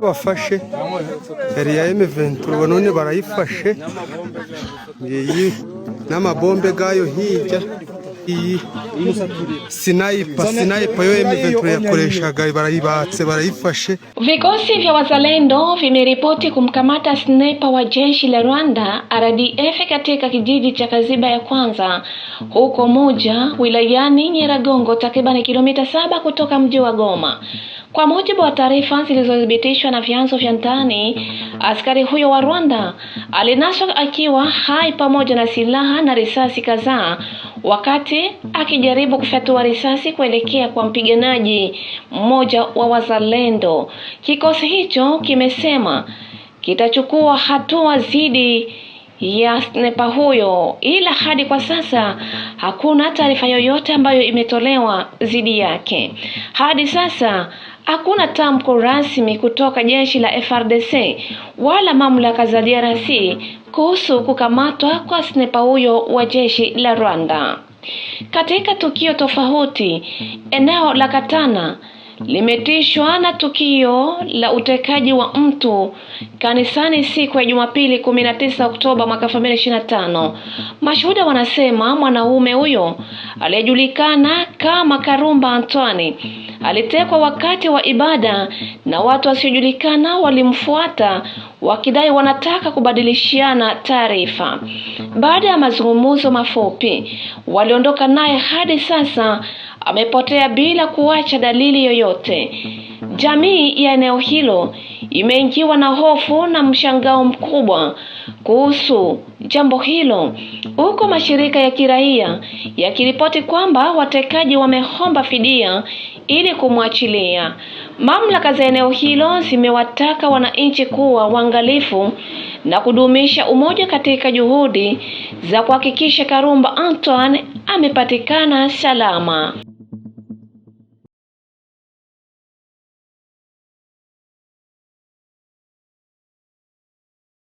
bafashe yari ya M23 none barayifashe iyi n'amabombe gayo hirya iyi sinaipa sinaipa yo M23 yakoreshaga barayibatse barayifashe. Vikosi vya wazalendo vimeripoti kumkamata sniper wa jeshi la Rwanda RDF katika kijiji cha Kaziba ya kwanza huko moja wilayani Nyiragongo, takriban kilomita saba kutoka mji wa Goma. Kwa mujibu wa taarifa zilizothibitishwa na vyanzo vya ndani, askari huyo wa Rwanda alinaswa akiwa hai pamoja na silaha na risasi kadhaa wakati akijaribu kufyatua risasi kuelekea kwa mpiganaji mmoja wa wazalendo. Kikosi hicho kimesema kitachukua hatua dhidi ya snepa huyo, ila hadi kwa sasa hakuna taarifa yoyote ambayo imetolewa dhidi yake. Hadi sasa Hakuna tamko rasmi kutoka jeshi la frdc wala mamlaka za DRC kuhusu kukamatwa kwa snepa huyo wa jeshi la Rwanda. Katika tukio tofauti, eneo la Katana limetishwa na tukio la utekaji wa mtu kanisani siku ya Jumapili 19 Oktoba mwaka 2025. Mashuhuda wanasema mwanaume huyo aliyejulikana kama Karumba Antoine alitekwa wakati wa ibada na watu wasiojulikana walimfuata wakidai wanataka kubadilishiana taarifa. Baada ya mazungumzo mafupi, waliondoka naye hadi sasa amepotea bila kuacha dalili yoyote. Jamii ya eneo hilo imeingiwa na hofu na mshangao mkubwa kuhusu jambo hilo, huko mashirika ya kiraia yakiripoti kwamba watekaji wamehomba fidia ili kumwachilia. Mamlaka za eneo hilo zimewataka wananchi kuwa waangalifu na kudumisha umoja katika juhudi za kuhakikisha Karumba Antoine amepatikana salama.